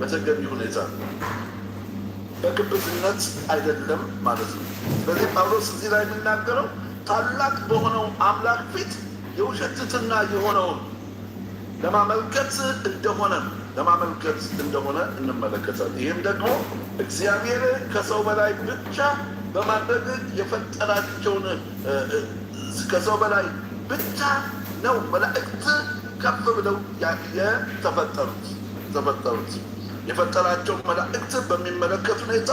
በተገቢ ሁኔታ በግብዝነት አይደለም ማለት ነው። ስለዚህ ጳውሎስ እዚህ ላይ የሚናገረው ታላቅ በሆነው አምላክ ፊት የውሸትትና የሆነውን ለማመልከት እንደሆነ ለማመልከት እንደሆነ እንመለከታል። ይህም ደግሞ እግዚአብሔር ከሰው በላይ ብቻ በማድረግ የፈጠራቸውን ከሰው በላይ ብቻ ነው መላእክት ከፍ ብለው የተፈጠሩት ተፈጠሩት የፈጠራቸው መላእክት በሚመለከት ሁኔታ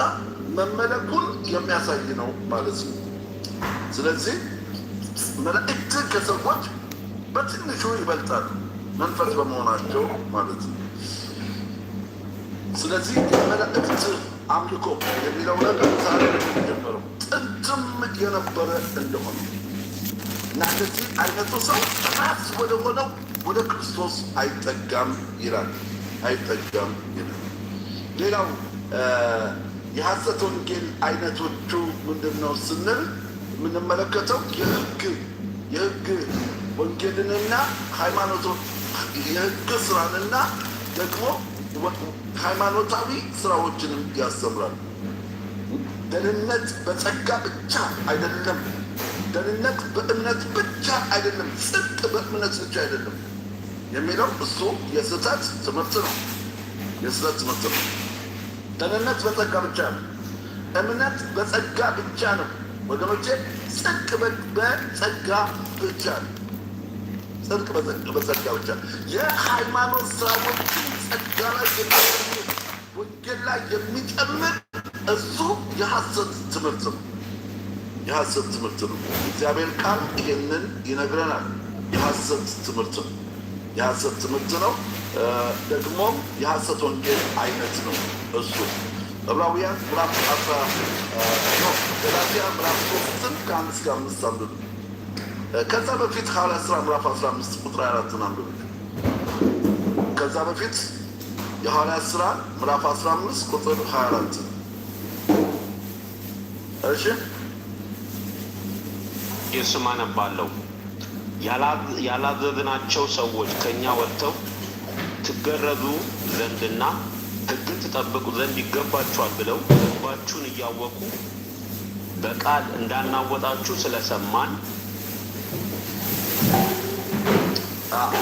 መመለኩን የሚያሳይ ነው ማለት ነው። ስለዚህ መላእክት ከሰዎች በትንሹ ይበልጣሉ መንፈስ በመሆናቸው ማለት ነው። ስለዚህ የመላእክት አምልኮ የሚለው ነገር ዛሬ የሚጀምረው ጥንትም የነበረ እንደሆነ እና እንደዚህ አይነቱ ሰው ራስ ወደ ሆነው ወደ ክርስቶስ አይጠጋም ይላል አይጠጋም ይላል። ሌላው የሐሰት ወንጌል አይነቶቹ ምንድን ነው ስንል የምንመለከተው የህግ የህግ ወንጌልንና ሃይማኖቶ የህግ ስራንና ደግሞ ሃይማኖታዊ ስራዎችንም ያስተምራል። ደህንነት በጸጋ ብቻ አይደለም። ደህንነት በእምነት ብቻ አይደለም። ጽድቅ በእምነት ብቻ አይደለም የሚለው እሱ የስህተት ትምህርት ነው። የስህተት ትምህርት ነው። ደህንነት በጸጋ ብቻ ነው። እምነት በጸጋ ብቻ ነው። ወገኖቼ ጽድቅ በጸጋ ብቻ ነው። ጽድቅ በጸጋ ብቻ የሃይማኖት ስራዎችን ጸጋ ላይ የሚጨምር ወንጌል ላይ የሚጨምር እሱ የሐሰት ትምህርት ነው። የሐሰት ትምህርት ነው። እግዚአብሔር ቃል ይሄንን ይነግረናል። የሐሰት ትምህርት ነው። የሐሰት ትምህርት ነው። ደግሞ የሐሰት ወንጌል አይነት ነው። እሱ ዕብራውያን ምዕራፍ አስራ ገላትያ ምዕራፍ ሶስትን ከአንድ እስከ አምስት አንብብ። ከዛ በፊት ሐዋርያት ስራ ምዕራፍ አስራ አምስት ቁጥር አራትን አንብብ። ከዛ በፊት የሐዋርያት ስራ ምዕራፍ አስራ አምስት ቁጥር ሀያ አራት እሺ የስም አነባለሁ ያላዘዝናቸው ሰዎች ከእኛ ወጥተው ትገረዙ ዘንድና ህግን ትጠብቁ ዘንድ ይገባችኋል ብለው ህግባችሁን እያወቁ በቃል እንዳናወጣችሁ ስለሰማን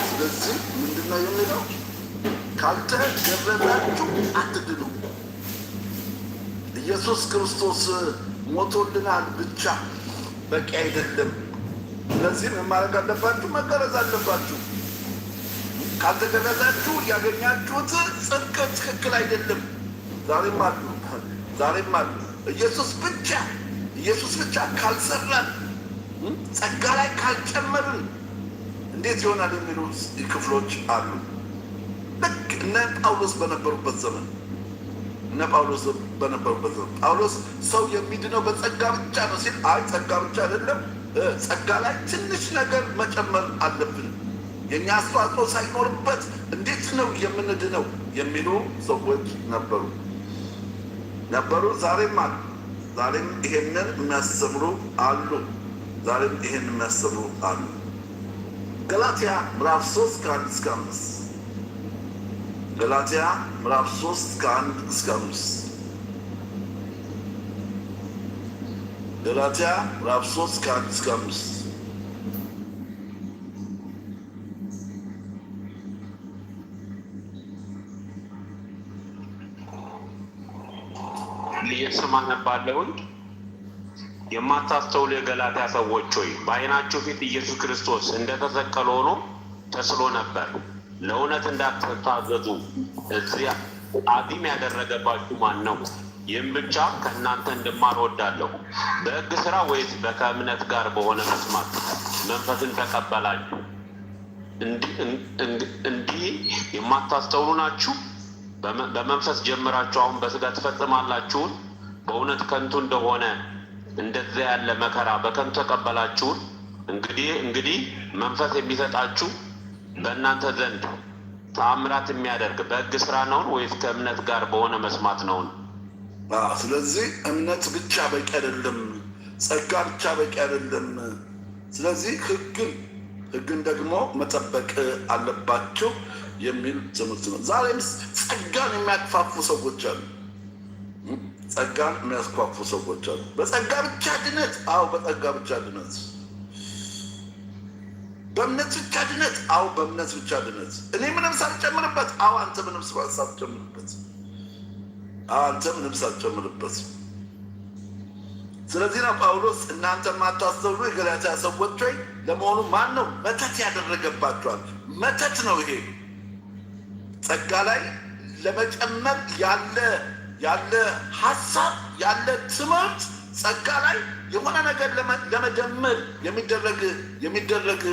ስለዚህ ምንድነው የሚለው? ካልተገረዛችሁ አትድኑ። ኢየሱስ ክርስቶስ ሞቶልናል ብቻ በቂ አይደለም። ስለዚህ ምን ማድረግ አለባችሁ? መገረዝ አለባችሁ። ካልተገረዛችሁ ያገኛችሁት ጽድቅ ትክክል አይደለም። ዛሬም አሉ፣ ዛሬም አሉ። ኢየሱስ ብቻ ኢየሱስ ብቻ ካልሰራን ጸጋ ላይ ካልጨመርን እንዴት ይሆናል የሚሉት ክፍሎች አሉ። ልክ እነ ጳውሎስ በነበሩበት ዘመን እነ ጳውሎስ በነበሩበት ዘመን ጳውሎስ ሰው የሚድነው በጸጋ ብቻ ነው ሲል፣ አይ ጸጋ ብቻ አይደለም፣ ጸጋ ላይ ትንሽ ነገር መጨመር አለብን የእኛ አስተዋጽኦ ሳይኖርበት እንዴት ነው የምንድነው የሚሉ ሰዎች ነበሩ ነበሩ። ዛሬም አሉ። ዛሬም ይሄንን የሚያስተምሩ አሉ። ዛሬም ይሄን የሚያስተምሩ አሉ። ገላትያ ምዕራፍ ሶስት ከአንድ እስከ አምስት ገላትያ ምዕራፍ ሶስት ከአንድ እስከ አምስት ገላትያ ምዕራፍ ሶስት ከአንድ እስከ አምስት ስም አነባለሁኝ። የማታስተውሉ የገላትያ ሰዎች ሆይ በዓይናችሁ ፊት ኢየሱስ ክርስቶስ እንደተሰቀለ ሆኖ ተስሎ ነበር። ለእውነት እንዳትታዘዙ እዚያ አዚም ያደረገባችሁ ማን ነው? ይህም ብቻ ከእናንተ እንድማር ወዳለሁ። በሕግ ስራ ወይስ ከእምነት ጋር በሆነ መስማት መንፈስን ተቀበላችሁ? እንዲህ የማታስተውሉ ናችሁ? በመንፈስ ጀምራችሁ አሁን በስጋ ትፈጽማላችሁን? በእውነት ከንቱ እንደሆነ እንደዚያ ያለ መከራ በከንቱ ተቀበላችሁን፣ እንግዲህ እንግዲህ መንፈስ የሚሰጣችሁ በእናንተ ዘንድ ተአምራት የሚያደርግ በህግ ስራ ነውን ወይስ ከእምነት ጋር በሆነ መስማት ነውን? ስለዚህ እምነት ብቻ በቂ አይደለም፣ ጸጋ ብቻ በቂ አይደለም። ስለዚህ ህግን ህግን ደግሞ መጠበቅ አለባቸው የሚል ትምህርት ነው። ዛሬም ጸጋን የሚያጥፋፉ ሰዎች አሉ። ጸጋን የሚያስኳፉ ሰዎች አሉ። በጸጋ ብቻ ድነት? አዎ፣ በጸጋ ብቻ ድነት። በእምነት ብቻ ድነት? አዎ፣ በእምነት ብቻ ድነት። እኔ ምንም ሳልጨምርበት? አዎ፣ አንተ ምንም ሳትጨምርበት። አዎ፣ አንተ ምንም ሳትጨምርበት። ስለዚህ ነው ጳውሎስ እናንተ የማታስተውሉ የገላትያ ሰዎች ወይ ለመሆኑ ማን ነው መተት ያደረገባቸዋል? መተት ነው ይሄ ጸጋ ላይ ለመጨመር ያለ ያለ ሀሳብ ያለ ትምህርት ጸጋ ላይ የሆነ ነገር ለመደመር የሚደረግ የሚደረግ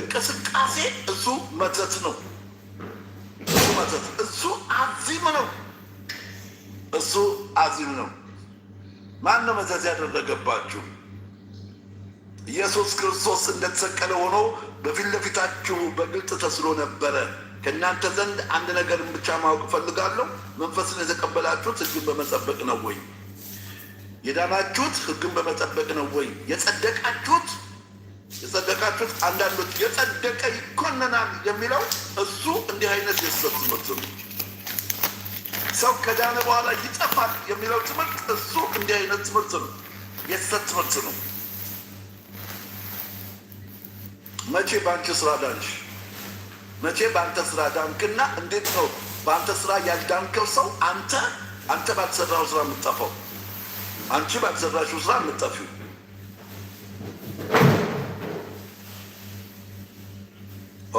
እንቅስቃሴ እሱ መተት ነው። እሱ መተት እሱ አዚም ነው። እሱ አዚም ነው። ማን ነው መተት ያደረገባችሁ? ኢየሱስ ክርስቶስ እንደተሰቀለ ሆኖ በፊት ለፊታችሁ በግልጽ ተስሎ ነበረ። ከእናንተ ዘንድ አንድ ነገርን ብቻ ማወቅ እፈልጋለሁ፣ መንፈስን የተቀበላችሁት ሕግን በመጠበቅ ነው ወይ? የዳናችሁት ሕግን በመጠበቅ ነው ወይ? የጸደቃችሁት የጸደቃችሁት አንዳንዶች የጸደቀ ይኮነናል የሚለው እሱ እንዲህ አይነት የስህተት ትምህርት ነው። ሰው ከዳነ በኋላ ይጠፋል የሚለው ትምህርት እሱ እንዲህ አይነት ትምህርት ነው፣ የስህተት ትምህርት ነው። መቼ በአንቺ ስራ ዳንሽ? መቼ በአንተ ስራ ዳንክና እንዴት ነው በአንተ ስራ ያልዳንከው ሰው አንተ አንተ ባልሰራው ስራ የምጠፋው አንቺ ባልሰራሽው ስራ የምጠፊው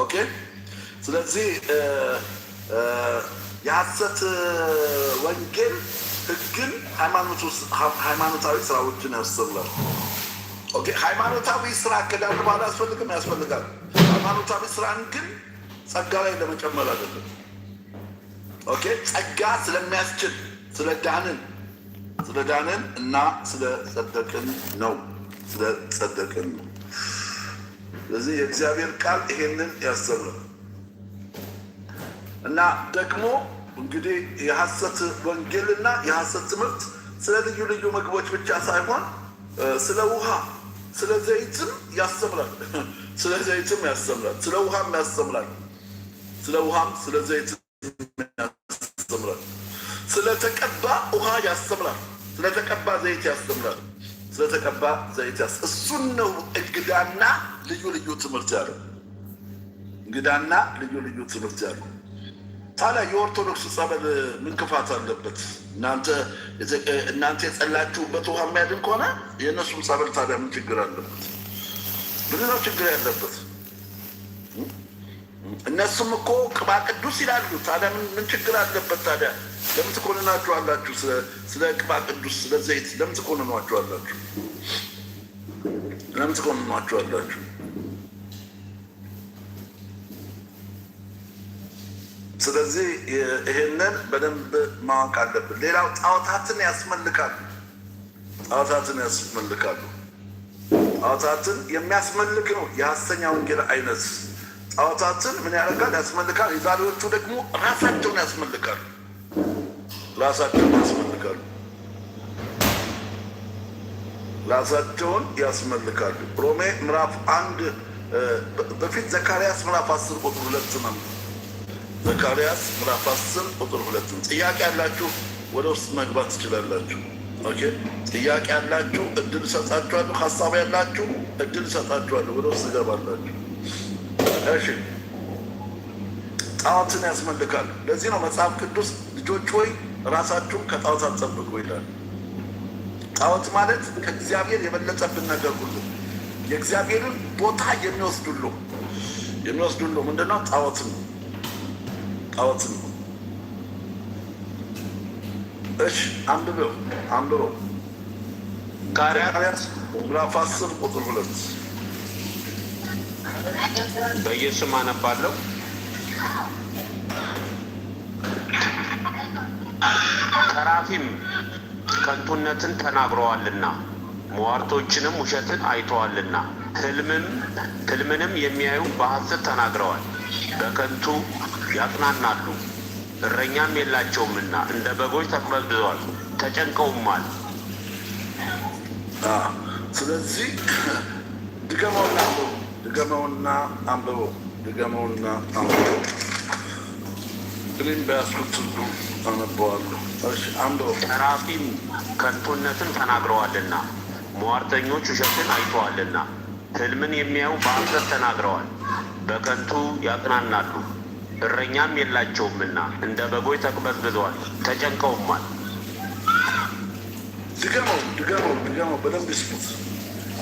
ኦኬ ስለዚህ የሐሰት ወንጌል ህግን ሃይማኖታዊ ስራዎችን ያስላል ሃይማኖታዊ ስራ ከዳን በኋላ አያስፈልግም ያስፈልጋል ሃይማኖታዊ ስራን ግን ጸጋ ላይ ለመጨመር አይደለም። ኦኬ ጸጋ ስለሚያስችል ስለ ዳንን ስለ ዳንን እና ስለ ጸደቅን ነው። ስለ ጸደቅን ነው። ስለዚህ የእግዚአብሔር ቃል ይሄንን ያሰብራል እና ደግሞ እንግዲህ የሐሰት ወንጌልና የሐሰት ትምህርት ስለ ልዩ ልዩ ምግቦች ብቻ ሳይሆን ስለ ውሃ፣ ስለ ዘይትም ያስተምራል። ስለ ዘይትም ያስተምራል። ስለ ውሃም ያስተምራል። ስለ ውሃም ስለ ዘይት ያስተምራል። ስለተቀባ ውሃ ያስተምራል። ስለተቀባ ዘይት ያስተምራል። ስለተቀባ ዘይት ያስ እሱን ነው እንግዳና ልዩ ልዩ ትምህርት ያለው እንግዳና ልዩ ልዩ ትምህርት ያለው ታዲያ የኦርቶዶክስ ጸበል ምን ክፋት አለበት? እናንተ የጸላችሁበት ውሃ የሚያድን ከሆነ የእነሱም ጸበል ታዲያ ምን ችግር አለበት? ብዙ ነው ችግር ያለበት። እነሱም እኮ ቅባ ቅዱስ ይላሉ። ታዲያ ምን ችግር አለበት? ታዲያ ለምን ትኮንናችኋላችሁ? ስለ ቅባ ቅዱስ ስለ ዘይት ለምን ትኮንኗችኋላችሁ? ለምን ትኮንኗችኋላችሁ? ስለዚህ ይሄንን በደንብ ማወቅ አለብን። ሌላው ጣዖታትን ያስመልካሉ። ጣዖታትን ያስመልካሉ። ጣዖታትን የሚያስመልክ ነው የሐሰተኛ ወንጌል አይነት ጣዖታትን ምን ያደርጋል? ያስመልካል። የዛሬዎቹ ደግሞ ራሳቸውን ያስመልካሉ፣ ራሳቸውን ያስመልካሉ፣ ራሳቸውን ያስመልካሉ። ሮሜ ምዕራፍ አንድ በፊት ዘካርያስ ምዕራፍ አስር ቁጥር ሁለት ነው። ዘካርያስ ምዕራፍ አስር ቁጥር ሁለት ነው። ጥያቄ ያላችሁ ወደ ውስጥ መግባት ትችላላችሁ። ኦኬ፣ ጥያቄ ያላችሁ እድል እሰጣችኋለሁ። ሀሳብ ያላችሁ እድል እሰጣችኋለሁ። ወደ ውስጥ እገባላችሁ። እሺ ጣዖትን ያስመልካሉ። ለዚህ ነው መጽሐፍ ቅዱስ ልጆች ሆይ ራሳችሁን ከጣዖታት ጠብቁ ይላል። ጣዖት ማለት ከእግዚአብሔር የበለጠብን ነገር ሁሉ የእግዚአብሔርን ቦታ የሚወስዱሉ የሚወስዱሉ ምንድነው? ጣዖት ነው። ጣዖት ነው። እሺ አንብበው አንብበው ቃሪያ ምዕራፍ አስር ቁጥር ሁለት በየስም አነባለሁ። ተራፊም ከንቱነትን ተናግረዋልና ሟርቶችንም ውሸትን አይተዋልና ህልምም ህልምንም የሚያዩ በሐሰት ተናግረዋል። በከንቱ ያጥናናሉ፣ እረኛም የላቸውምና እንደ በጎች ተቅበዝብዘዋል፣ ተጨንቀውማል። ስለዚህ ድገማውላቸው ድገመውና አንብበው፣ ድገመውና አንብበው። እኔም በያዝኩት ትርጉም አነበዋለሁ። አንብበው። ጸራፊም ከንቱነትን ተናግረዋልና ሟርተኞች ውሸትን አይተዋልና ህልምን የሚያዩ በሐሰት ተናግረዋል። በከንቱ ያቅናናሉ፣ እረኛም የላቸውምና እንደ በጎይ ተቅበዝብዘዋል፣ ተጨንቀውማል። ድገመው፣ ድገመው፣ ድገመው። በደንብ ስሙት፣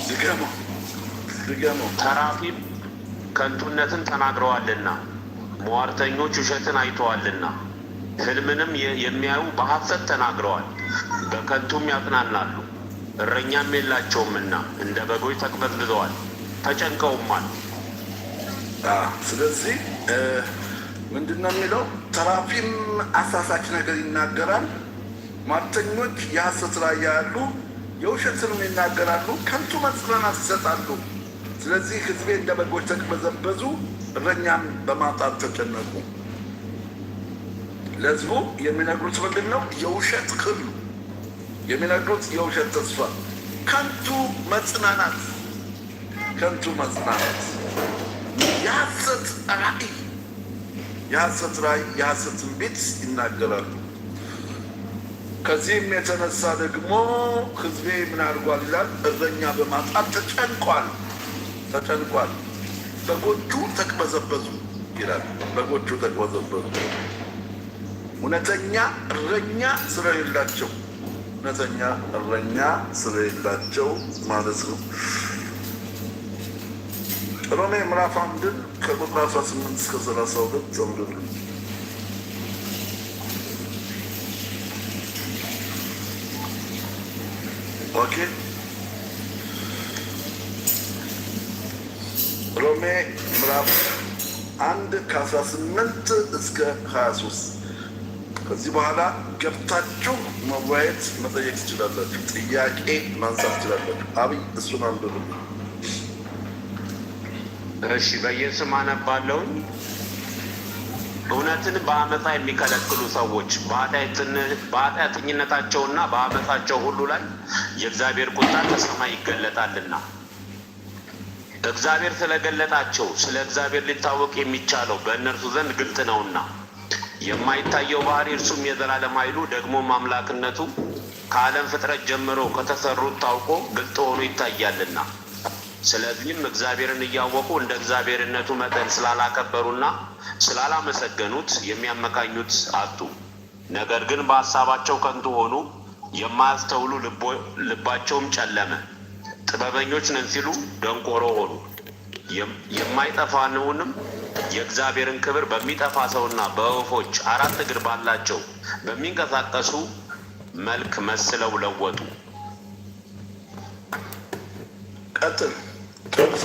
ድገመው ተራፊም ከንቱነትን ተናግረዋልና ሟርተኞች ውሸትን አይተዋልና ህልምንም የሚያዩ በሐሰት ተናግረዋል። በከንቱም ያጥናናሉ፣ እረኛም የላቸውምና እንደ በጎች ተቅበዝብዘዋል፣ ተጨንቀውማል። ስለዚህ ምንድን ነው የሚለው? ተራፊም አሳሳች ነገር ይናገራል። ሟርተኞች የሐሰት ራእይ ያሉ የውሸት ይናገራሉ፣ ከንቱ መጽናናት ይሰጣሉ። ስለዚህ ህዝቤ እንደ በጎች ተቅበዘበዙ፣ እረኛም በማጣት ተጨነቁ። ለህዝቡ የሚነግሩት ምንድን ነው? የውሸት ክሉ የሚነግሩት የውሸት ተስፋ፣ ከንቱ መጽናናት፣ ከንቱ መጽናናት፣ የሐሰት ራእይ፣ የሐሰት ራእይ፣ የሐሰት ትንቢት ይናገራሉ። ከዚህም የተነሳ ደግሞ ህዝቤ ምን አድርጓል ይላል? እረኛ በማጣት ተጨንቋል። ተጨንቋል። በጎቹ ተቅበዘበዙ ይላል። በጎቹ ተቅበዘበዙ። እውነተኛ እረኛ ስለሌላቸው፣ እውነተኛ እረኛ ስለሌላቸው ማለት ነው። ሮሜ ምዕራፍ አንድን ከቁጥር 18 እስከ 32 ዘምድሉ ኦኬ ሮሜ ምዕራፍ አንድ ከ18 እስከ 23 ከዚህ በኋላ ገብታችሁ መወያየት መጠየቅ ትችላላችሁ። ጥያቄ ማንሳት ትችላላችሁ። አብይ እሱን አንብብ። እሺ፣ በየስም አነባለሁኝ። እውነትን በአመፃ የሚከለክሉ ሰዎች በኃጢአተኝነታቸውና በአመፃቸው ሁሉ ላይ የእግዚአብሔር ቁጣ ከሰማይ ይገለጣልና እግዚአብሔር ስለገለጣቸው ስለ እግዚአብሔር ሊታወቅ የሚቻለው በእነርሱ ዘንድ ግልጥ ነውና የማይታየው ባህሪ እርሱም የዘላለም ኃይሉ ደግሞ አምላክነቱ ከዓለም ፍጥረት ጀምሮ ከተሰሩት ታውቆ ግልጥ ሆኖ ይታያልና ስለዚህም እግዚአብሔርን እያወቁ እንደ እግዚአብሔርነቱ መጠን ስላላከበሩና ስላላመሰገኑት የሚያመካኙት አጡ። ነገር ግን በሀሳባቸው ከንቱ ሆኑ፣ የማያስተውሉ ልባቸውም ጨለመ። ጥበበኞች ነን ሲሉ ደንቆሮ ሆኑ። የማይጠፋንውንም የእግዚአብሔርን ክብር በሚጠፋ ሰውና በወፎች አራት እግር ባላቸው በሚንቀሳቀሱ መልክ መስለው ለወጡ። ቀጥል ጠቅሶ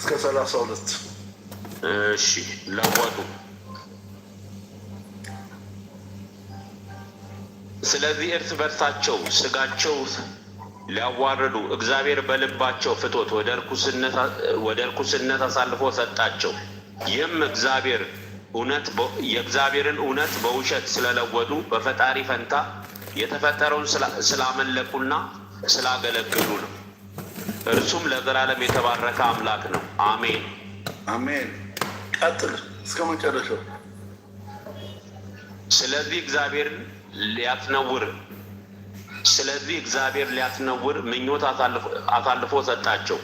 እስከ ሰላሳ ሁለት እሺ ለወጡ። ስለዚህ እርስ በርሳቸው ስጋቸው ሊያዋርዱ እግዚአብሔር በልባቸው ፍቶት ወደ እርኩስነት አሳልፎ ሰጣቸው። ይህም እግዚአብሔር እውነት የእግዚአብሔርን እውነት በውሸት ስለለወጡ በፈጣሪ ፈንታ የተፈጠረውን ስላመለኩና ስላገለገሉ ነው። እርሱም ለዘላለም የተባረከ አምላክ ነው። አሜን አሜን። ቀጥል እስከ መጨረሻው። ስለዚህ እግዚአብሔርን ሊያስነውር ስለዚህ እግዚአብሔር ሊያስነውር ምኞት አሳልፎ ሰጣቸው።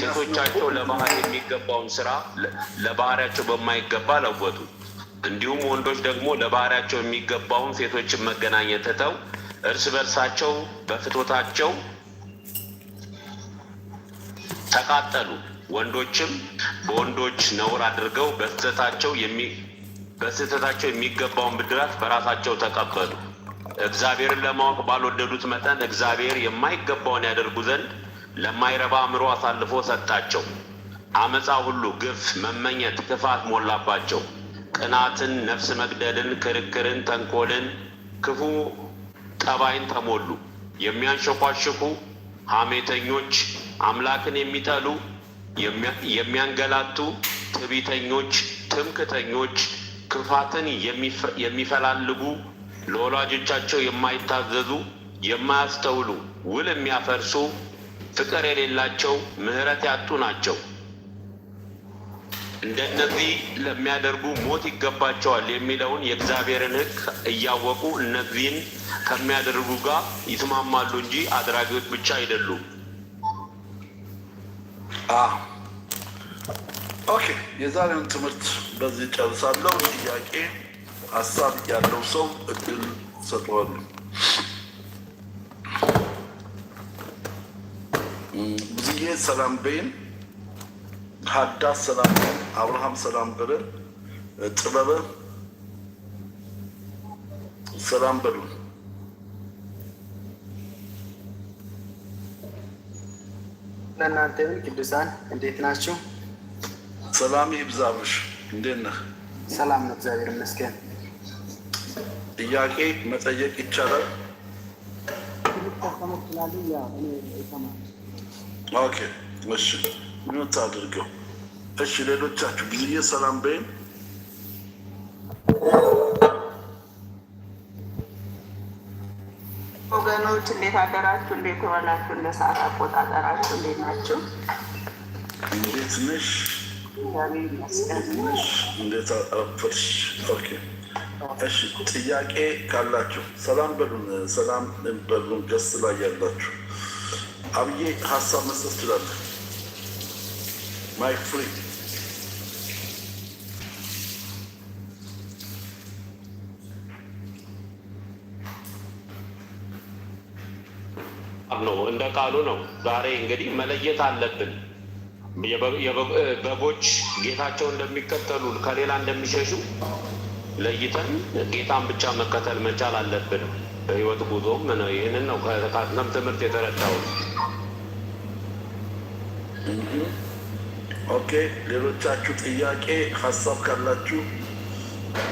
ሴቶቻቸው ለባህር የሚገባውን ስራ ለባህሪያቸው በማይገባ ለወጡ። እንዲሁም ወንዶች ደግሞ ለባህሪያቸው የሚገባውን ሴቶችን መገናኘት ትተው እርስ በርሳቸው በፍቶታቸው ተቃጠሉ። ወንዶችም በወንዶች ነውር አድርገው በስህተታቸው የሚገባውን ብድራት በራሳቸው ተቀበሉ። እግዚአብሔርን ለማወቅ ባልወደዱት መጠን እግዚአብሔር የማይገባውን ያደርጉ ዘንድ ለማይረባ አእምሮ አሳልፎ ሰጣቸው። አመፃ ሁሉ፣ ግፍ፣ መመኘት፣ ክፋት ሞላባቸው። ቅናትን፣ ነፍስ መግደልን፣ ክርክርን፣ ተንኮልን፣ ክፉ ጠባይን ተሞሉ። የሚያንሸኳሽኩ፣ ሐሜተኞች፣ አምላክን የሚጠሉ፣ የሚያንገላቱ፣ ትቢተኞች፣ ትምክተኞች፣ ክፋትን የሚፈላልጉ ለወላጆቻቸው የማይታዘዙ የማያስተውሉ ውል የሚያፈርሱ ፍቅር የሌላቸው ምሕረት ያጡ ናቸው። እንደነዚህ ለሚያደርጉ ሞት ይገባቸዋል የሚለውን የእግዚአብሔርን ሕግ እያወቁ እነዚህን ከሚያደርጉ ጋር ይስማማሉ እንጂ አድራጊዎች ብቻ አይደሉም። ኦኬ፣ የዛሬውን ትምህርት በዚህ ጨርሳለሁ። ጥያቄ السابق يعني لو صوت السطوان ብዙዬ ሰላም ቤን ሀዳስ ሰላም ቤን አብርሃም ሰላም በለ ጥበበ ሰላም በሉ ለእናንተ ምን ቅዱሳን እንዴት ናችሁ? ሰላም ይብዛብሽ። እንዴት ነህ? ሰላም ነው፣ እግዚአብሔር ይመስገን። ጥያቄ መጠየቅ ይቻላል? ኦኬ፣ እሺ፣ ሚውት አድርገው። እሺ፣ ሌሎቻችሁ ጊዜ ሰላም በይም ወገኖች እንዴት አደራችሁ? እንዴት ሆናችሁ? እንደ ሰዓት አቆጣጠራችሁ እንዴት ናችሁ? እንዴት ነሽ? እንዴት አረፈድሽ? ኦኬ እሺ ጥያቄ ካላችሁ ሰላም በሉን፣ ሰላም በሉን። ገስ ላይ ያላችሁ አብዬ ሀሳብ መስጠት ትችላለህ። ማይክ ፍሪ ነው። እንደ ቃሉ ነው። ዛሬ እንግዲህ መለየት አለብን። በጎች ጌታቸውን እንደሚከተሉ ከሌላ እንደሚሸሹ ለይተን ጌታን ብቻ መከተል መቻል አለብን። በህይወት ጉዞም ይህንን ነው ከካትለም ትምህርት የተረዳሁት። ኦኬ፣ ሌሎቻችሁ ጥያቄ ሀሳብ ካላችሁ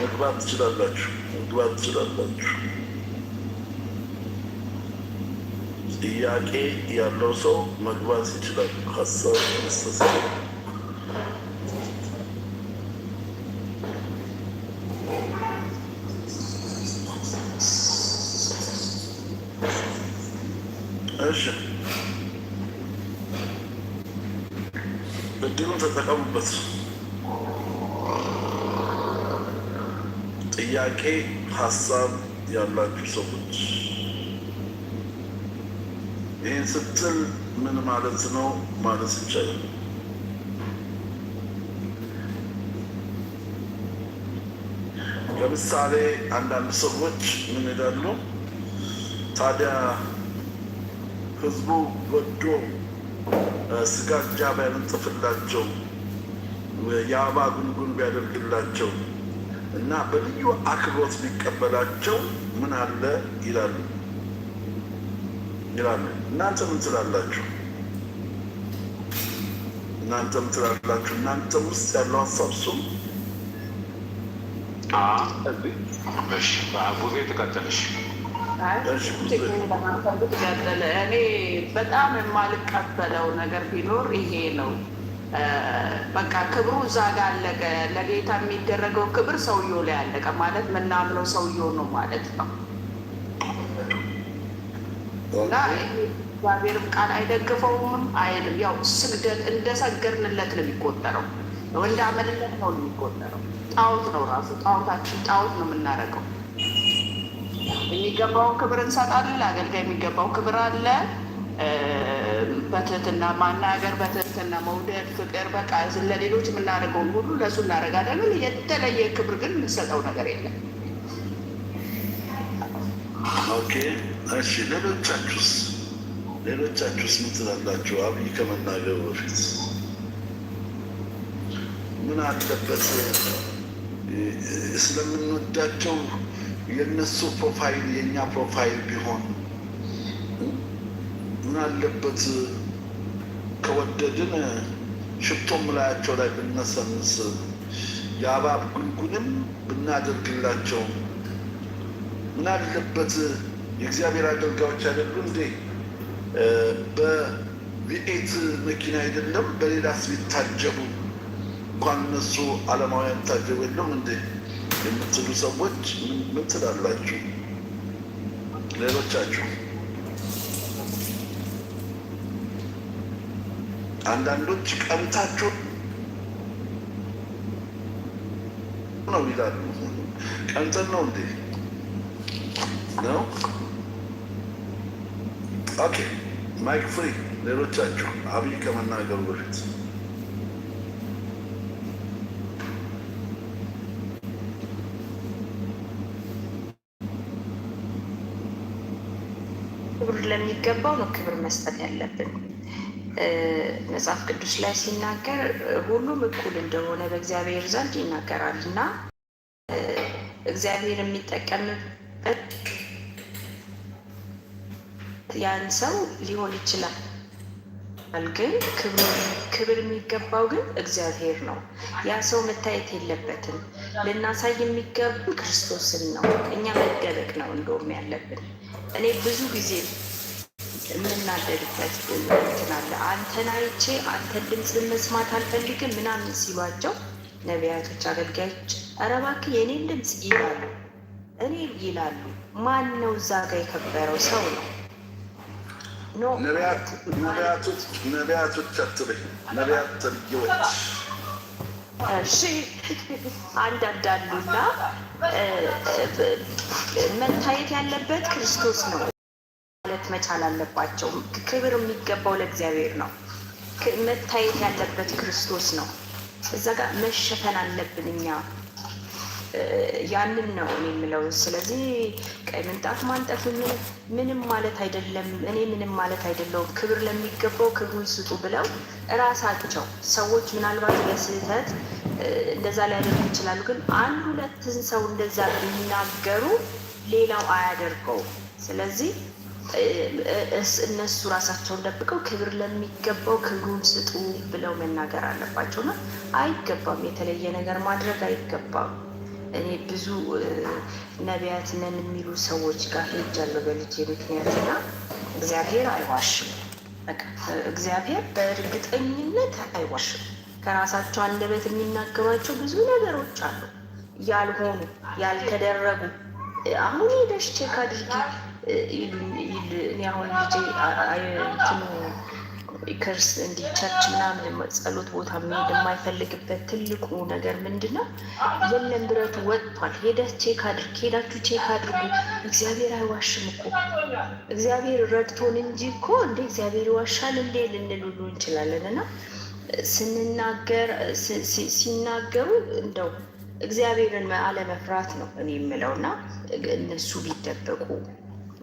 መግባት ትችላላችሁ፣ መግባት ትችላላችሁ። ጥያቄ ያለው ሰው መግባት ይችላል። ሀሳብ መሰሰ ተጠቀሙበት። ጥያቄ ሀሳብ ያላችሁ ሰዎች ይህን ስትል ምን ማለት ነው ማለት ይቻላል። ለምሳሌ አንዳንድ ሰዎች ምን ይላሉ ታዲያ ህዝቡ ወዶ ስጋጃ ቢያነጥፍላቸው የአበባ ጉንጉን ቢያደርግላቸው እና በልዩ አክብሮት ቢቀበላቸው ምን አለ ይላሉ ይላሉ። እናንተ ምን ትላላችሁ? እናንተ ምን ትላላችሁ? እናንተ ውስጥ ያለው ሀሳብ ሱም እዚህ በአቡዜ ተቀጠለሽ እኔ በጣም የማልቀበለው ነገር ቢኖር ይሄ ነው። በቃ ክብሩ እዛ ጋ አለቀ። ለጌታ የሚደረገው ክብር ሰውየው ላይ አለቀ ማለት ምናምነው ሰውየው ነው ማለት ነው። እና እግዚአብሔርም ቃል አይደግፈውም አይልም። ያው ስግደት እንደሰገድንለት ነው የሚቆጠረው፣ እንዳመንለት ነው የሚቆጠረው። ጣዖት ነው ራሱ ጣዖታችን ጣዖት ነው የምናደርገው የሚገባውን ክብር እንሰጣለን። ለአገልጋይ የሚገባው ክብር አለ። በትህትና ማናገር፣ በትህትና መውደድ፣ ፍቅር በቃ ለሌሎች የምናደርገውን ሁሉ ለእሱ እናደርጋለን። የተለየ ክብር ግን የምንሰጠው ነገር የለም። ኦኬ እሺ። ሌሎቻችሁስ ሌሎቻችሁስ ምን ትላላችሁ? አብይ ከመናገሩ በፊት ምን አለበት ስለምንወዳቸው የእነሱ ፕሮፋይል የእኛ ፕሮፋይል ቢሆን ምን አለበት? ከወደድን ሽቶም ላያቸው ላይ ብነሰንስ የአባብ ጉንጉንም ብናደርግላቸው ምን አለበት? የእግዚአብሔር አገልጋዮች አይደሉ እንዴ? በቪኤት መኪና አይደለም በሌላስ ቢታጀቡ እንኳን እነሱ አለማውያን ታጀቡ የለም እንዴ? የምትሉ ሰዎች ምን ትላላችሁ? ሌሎቻችሁ አንዳንዶች ቀምታችሁ ነው ይላሉ። ቀምተን ነው እንዴ? ነው ኦኬ። ማይክ ፍሪ። ሌሎቻችሁ አብይ ከመናገሩ በፊት ክቡር ለሚገባው ነው ክብር መስጠት ያለብን። መጽሐፍ ቅዱስ ላይ ሲናገር ሁሉም እኩል እንደሆነ በእግዚአብሔር ዘንድ ይናገራል እና እግዚአብሔር የሚጠቀምበት ያን ሰው ሊሆን ይችላል ግን ክብር የሚገባው ግን እግዚአብሔር ነው። ያ ሰው መታየት የለበትም። ልናሳይ የሚገቡ ክርስቶስን ነው። እኛ መደበቅ ነው እንደውም ያለብን። እኔ ብዙ ጊዜ የምናደርበት ትናለ አንተን አይቼ አንተን ድምፅ መስማት አልፈልግም ምናምን ሲሏቸው ነቢያቶች፣ አገልጋዮች ኧረ እባክህ የእኔን ድምፅ ይላሉ። እኔ ይላሉ። ማን ነው እዛ ጋር የከበረው ሰው ነው? ነቢያቶች ነቢያቶች አትበይ ነቢያት ተብዬዎች እሺ መታየት ያለበት ክርስቶስ ነው ማለት መቻል አለባቸው። ክብር የሚገባው ለእግዚአብሔር ነው። መታየት ያለበት ክርስቶስ ነው። እዛ ጋር መሸፈን አለብን እኛ ያንን ነው እኔ የምለው። ስለዚህ ቀይ ምንጣፍ ማንጠፍ ምንም ማለት አይደለም፣ እኔ ምንም ማለት አይደለውም። ክብር ለሚገባው ክብሩን ስጡ ብለው እራሳቸው ሰዎች ምናልባት በስህተት እንደዛ ሊያደርጉ ይችላሉ። ግን አንድ ሁለትን ሰው እንደዛ የሚናገሩ ሌላው አያደርገው ስለዚህ እነሱ ራሳቸውን ደብቀው ክብር ለሚገባው ክብሩን ስጡ ብለው መናገር አለባቸው። እና አይገባም፣ የተለየ ነገር ማድረግ አይገባም። እኔ ብዙ ነቢያት ነን የሚሉ ሰዎች ጋር ሄጃለሁ በልጄ ምክንያትና እግዚአብሔር አይዋሽም። እግዚአብሔር በእርግጠኝነት አይዋሽም። ከራሳቸው አንደበት የሚናገሯቸው ብዙ ነገሮች አሉ፣ ያልሆኑ ያልተደረጉ። አሁን ሄደሽ ቼክ አድርጊ ይሉኝ። እኔ አሁን ልጄ ክርስ እንዲህ ቸርች ምናምን ጸሎት ቦታ መሄድ የማይፈልግበት ትልቁ ነገር ምንድን ነው? የለም ብረቱ ወጥቷል። ሄደህ ቼክ አድርግ፣ ሄዳችሁ ቼክ አድርጉ። እግዚአብሔር አይዋሽም እኮ እግዚአብሔር ረድቶን እንጂ እኮ እንደ እግዚአብሔር ይዋሻል እንዴ ልንል እንችላለን። እና ስንናገር ሲናገሩ እንደው እግዚአብሔርን አለመፍራት ነው እኔ የምለውና እነሱ ቢደበቁ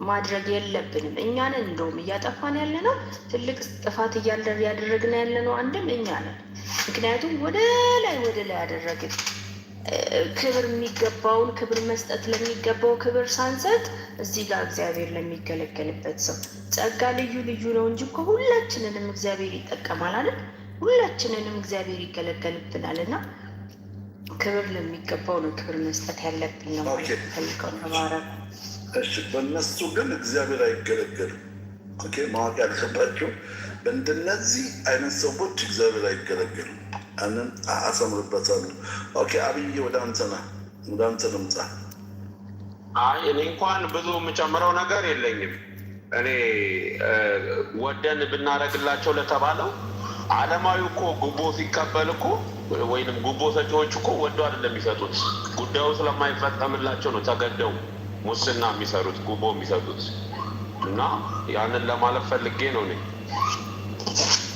ማድረግ የለብንም። እኛንን እንደውም እያጠፋን ያለ ነው። ትልቅ ጥፋት እያደር ያደረግን ያለ ነው። አንድም እኛ ነን። ምክንያቱም ወደ ላይ ወደ ላይ ያደረግን ክብር የሚገባውን ክብር መስጠት ለሚገባው ክብር ሳንሰጥ እዚህ ጋር እግዚአብሔር ለሚገለገልበት ሰው ጸጋ ልዩ ልዩ ነው እንጂ እኮ ሁላችንንም እግዚአብሔር ይጠቀማል አይደል? ሁላችንንም እግዚአብሔር ይገለገልብናል እና ክብር ለሚገባው ነው ክብር መስጠት ያለብን ነው ማለት ፈልገው እሺ በእነሱ ግን እግዚአብሔር አይገለገልም። ማወቅ ያልገባቸው እንደነዚህ አይነት ሰዎች እግዚአብሔር አይገለገልም። አንን አሰምርበታሉ። ኦኬ አብዬ ወደ አንተና ወደ አንተ ልምጣ። አይ እኔ እንኳን ብዙ የምጨምረው ነገር የለኝም። እኔ ወደን ብናደርግላቸው ለተባለው አለማዊ እኮ ጉቦ ሲቀበል እኮ ወይንም ጉቦ ሰጪዎች እኮ ወዶ አይደለም የሚሰጡት፣ ጉዳዩ ስለማይፈጠምላቸው ነው ተገደው ሙስና የሚሰሩት ጉቦ የሚሰጡት እና ያንን ለማለት ፈልጌ ነው እኔ